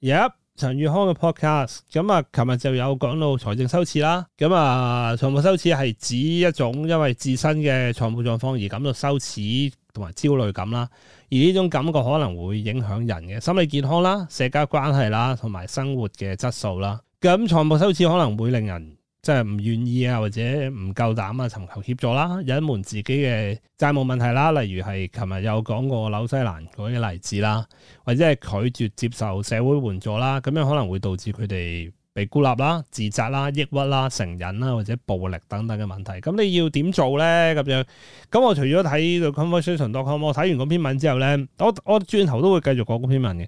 Yep，陳宇康嘅 podcast，咁、嗯、啊，琴日就有講到財政羞恥啦。咁、嗯、啊，財務羞恥係指一種因為自身嘅財務狀況而感到羞恥同埋焦慮感啦。而呢種感覺可能會影響人嘅心理健康啦、社交關係啦同埋生活嘅質素啦。咁財務羞恥可能會令人。即係唔願意啊，或者唔夠膽啊，尋求協助啦，隱瞞自己嘅債務問題啦，例如係琴日有講過紐西蘭嗰啲例子啦，或者係拒絕接受社會援助啦，咁樣可能會導致佢哋被孤立啦、自責啦、抑鬱啦、成癮啦或者暴力等等嘅問題。咁你要點做咧？咁樣，咁我除咗睇到 theconversation.com，我睇完嗰篇文之後咧，我我轉頭都會繼續講嗰篇文嘅。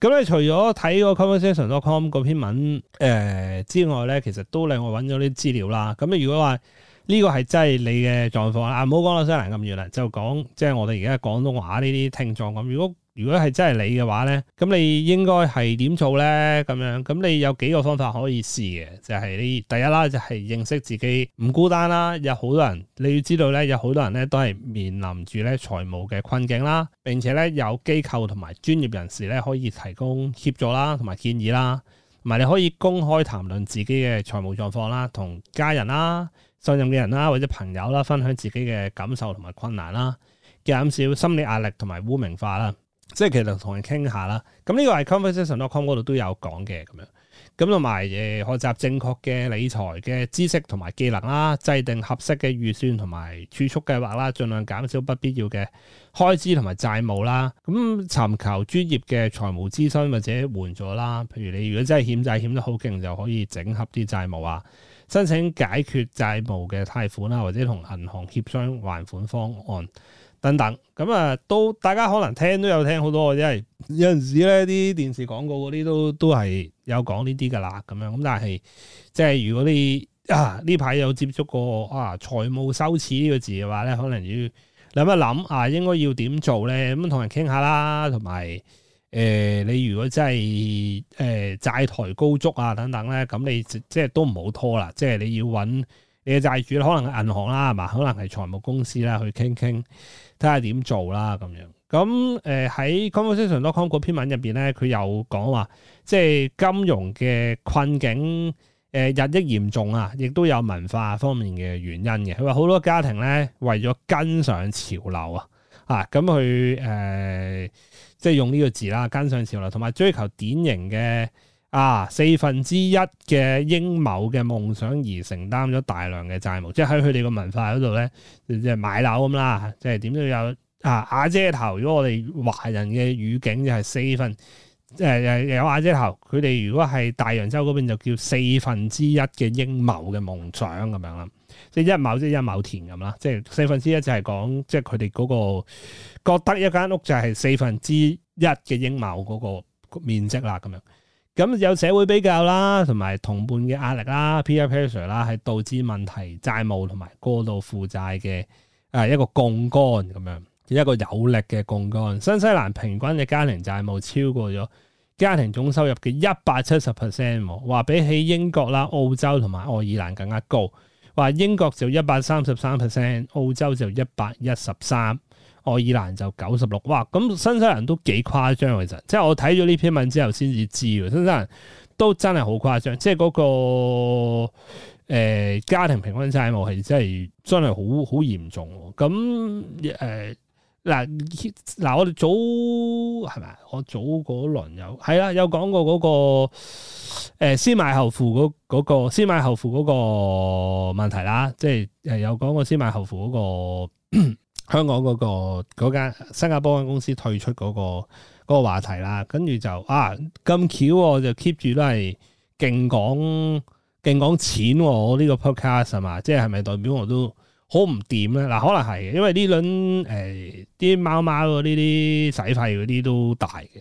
咁咧、嗯，除咗睇個 conversation.com 嗰篇文，呃、之外呢，其實都另外揾咗啲資料啦。咁、嗯、你如果話呢個係真係你嘅狀況啦，唔好講啦，到西蘭咁遠啦，就講即係我哋而家廣東話呢啲聽眾咁、嗯。如果如果係真係你嘅話咧，咁你應該係點做咧？咁樣咁你有幾個方法可以試嘅，就係呢第一啦，就係認識自己唔孤單啦，有好多人你要知道咧，有好多人咧都係面臨住咧財務嘅困境啦。並且咧有機構同埋專業人士咧可以提供協助啦，同埋建議啦。同埋你可以公開談論自己嘅財務狀況啦，同家人啦、信任嘅人啦或者朋友啦分享自己嘅感受同埋困難啦，減少心理壓力同埋污名化啦。即係其實同人傾下啦，咁呢個係 conversation.com 嗰度都有講嘅咁樣，咁同埋誒學習正確嘅理財嘅知識同埋技能啦，制定合適嘅預算同埋儲蓄計劃啦，盡量減少不必要嘅開支同埋債務啦，咁尋求專業嘅財務諮詢或者援助啦，譬如你如果真係欠債欠得好勁，就可以整合啲債務啊，申請解決債務嘅貸款啦，或者同銀行協商還款方案。等等咁啊，都大家可能聽都有聽好多，因為有陣時咧，啲電視廣告嗰啲都都係有講呢啲噶啦咁樣。咁但係即係如果你啊呢排有接觸過啊財務羞恥呢個字嘅話咧，可能要諗一諗啊，應該要點做咧？咁同人傾下啦，同埋誒你如果真係誒、呃、債台高築啊等等咧，咁你即係都唔好拖啦，即係你要揾。你嘅債主可能銀行啦，係嘛？可能係財務公司啦，去傾傾，睇下點做啦咁樣。咁誒喺、呃、Conversation.com 嗰篇文入邊咧，佢有講話，即係金融嘅困境誒、呃、日益嚴重啊，亦都有文化方面嘅原因嘅。佢話好多家庭咧，為咗跟上潮流啊，啊咁佢誒即係用呢個字啦，跟上潮流，同埋追求典型嘅啊！四分之一嘅英畝嘅夢想而承擔咗大量嘅債務，即係喺佢哋個文化嗰度咧，即係買樓咁啦，即係點都有啊！瓦遮頭，如果我哋華人嘅語境就係四分，即、呃、誒有瓦遮頭，佢哋如果係大洋洲嗰邊就叫四分之一嘅英畝嘅夢想咁樣啦，即係一畝即係一畝田咁啦，即係四分之一就係講即係佢哋嗰個覺得一間屋就係四分之一嘅英畝嗰個面積啦咁樣。咁有社會比較啦，同埋同伴嘅壓力啦，peer pressure 啦，係導致問題債務同埋過度負債嘅誒一個槓桿咁樣，一個有力嘅槓桿。新西蘭平均嘅家庭債務超過咗家庭總收入嘅一百七十 percent，話比起英國啦、澳洲同埋愛爾蘭更加高。話英國就一百三十三 percent，澳洲就一百一十三。愛爾蘭就九十六，哇！咁新西蘭都幾誇張其實，即係我睇咗呢篇文之後先至知喎。新西蘭都真係好誇張，即係嗰、那個、呃、家庭平均債務係真係真係好好嚴重。咁誒嗱嗱，我哋早係咪？我早嗰輪有係啦、啊，有講過嗰、那個先買、呃、後付嗰、那個先買後付嗰個問題啦，即係誒有講過先買後付嗰、那個。 香港嗰、嗰個嗰間新加坡間公司退出嗰、嗰個嗰、嗰個話題啦，跟住就啊咁巧，我就 keep 住都係勁講勁講錢喎！我呢個 podcast 係嘛，即係係咪代表我都好唔掂咧？嗱、啊，可能係，因為呢輪誒啲、哎、貓貓嗰啲啲使費嗰啲都大嘅。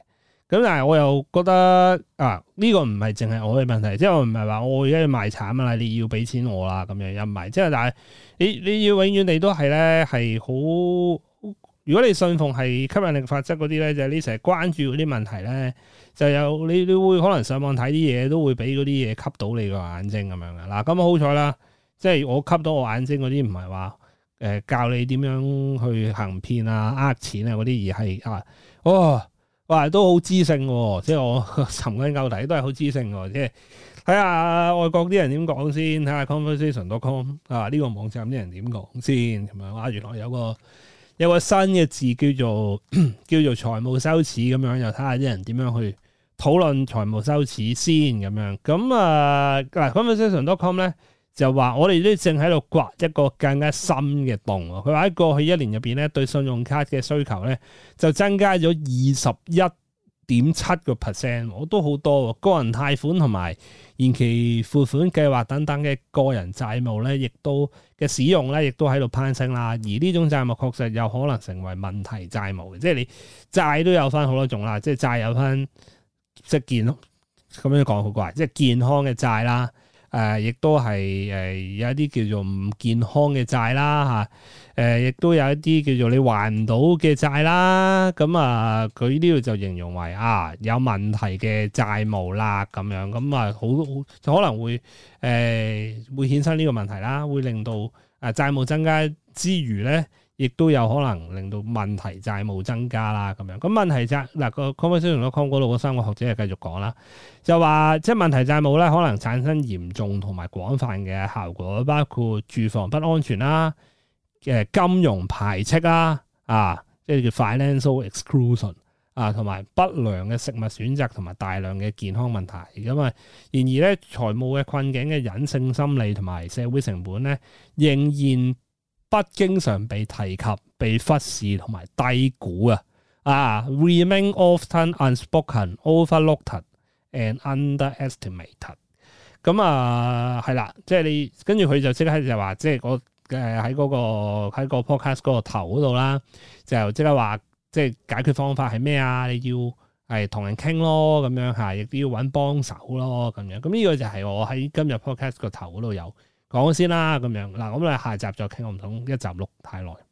咁但係我又覺得啊呢個唔係淨係我嘅問題，即係我唔係話我而家要賣慘啦，你要俾錢我啦咁樣又唔係，即係但係你你要永遠你都係咧係好，如果你信奉係吸引力法則嗰啲咧，就係你成日關注嗰啲問題咧，就有你你會可能上網睇啲嘢都會俾嗰啲嘢吸到你個眼睛咁樣嘅。嗱、啊、咁好彩啦，即係我吸到我眼睛嗰啲唔係話誒教你點樣去行騙啊、呃錢啊嗰啲，而係啊哦。哇！都好知性喎、哦，即係我尋根究底都係好知性喎，即係睇下外國啲人點講先，睇下 conversation.com 啊呢、呢個網站啲人點講先，咁樣啊原來有個有個新嘅字叫做叫做財務羞恥咁樣，又睇下啲人點樣去討論財務羞恥先咁樣，咁啊嗱 conversation.com 咧。啊 conversation. com 呢就話我哋都正喺度掘一個更加深嘅洞，佢話喺過去一年入邊咧，對信用卡嘅需求咧就增加咗二十一點七個 percent，我都好多喎。個人貸款同埋延期付款計劃等等嘅個人債務咧，亦都嘅使用咧，亦都喺度攀升啦。而呢種債務確實有可能成為問題債務嘅，即、就、係、是、你債都有翻好多種啦、就是，即係債有翻即係健咁樣講好怪，即、就、係、是、健康嘅債啦。誒，亦、呃、都係誒、呃、有一啲叫做唔健康嘅債啦嚇，誒、啊、亦都有一啲叫做你還唔到嘅債啦，咁啊佢呢度就形容為啊有問題嘅債務啦咁樣，咁啊好好就可能會誒、呃、會衍生呢個問題啦，會令到啊債務增加之餘咧。亦都有可能令到問題債務增加啦，咁樣咁問題債嗱個康威先生同埋康哥嗰度嗰三個學者係繼續講啦，就話即係問題債務咧可能產生嚴重同埋廣泛嘅效果，包括住房不安全啦、嘅金融排斥啦、啊即係叫 financial exclusion 啊，同埋不良嘅食物選擇同埋大量嘅健康問題。咁啊，然而咧財務嘅困境嘅隱性心理同埋社會成本咧仍然不經常被提及、被忽視同埋低估啊！啊，remain often unspoken, overlooked and underestimated。咁啊，係啦，即係你跟住佢就即刻就話，即係我喺嗰個喺個 podcast 嗰個頭嗰度啦，就即刻話，即係解決方法係咩啊？你要係同人傾咯，咁樣嚇，亦都要揾幫手咯，咁樣。咁呢個就係我喺今日 podcast 個頭嗰度有。講先啦，咁樣嗱，咁我哋下集再傾，我唔想一集錄太耐。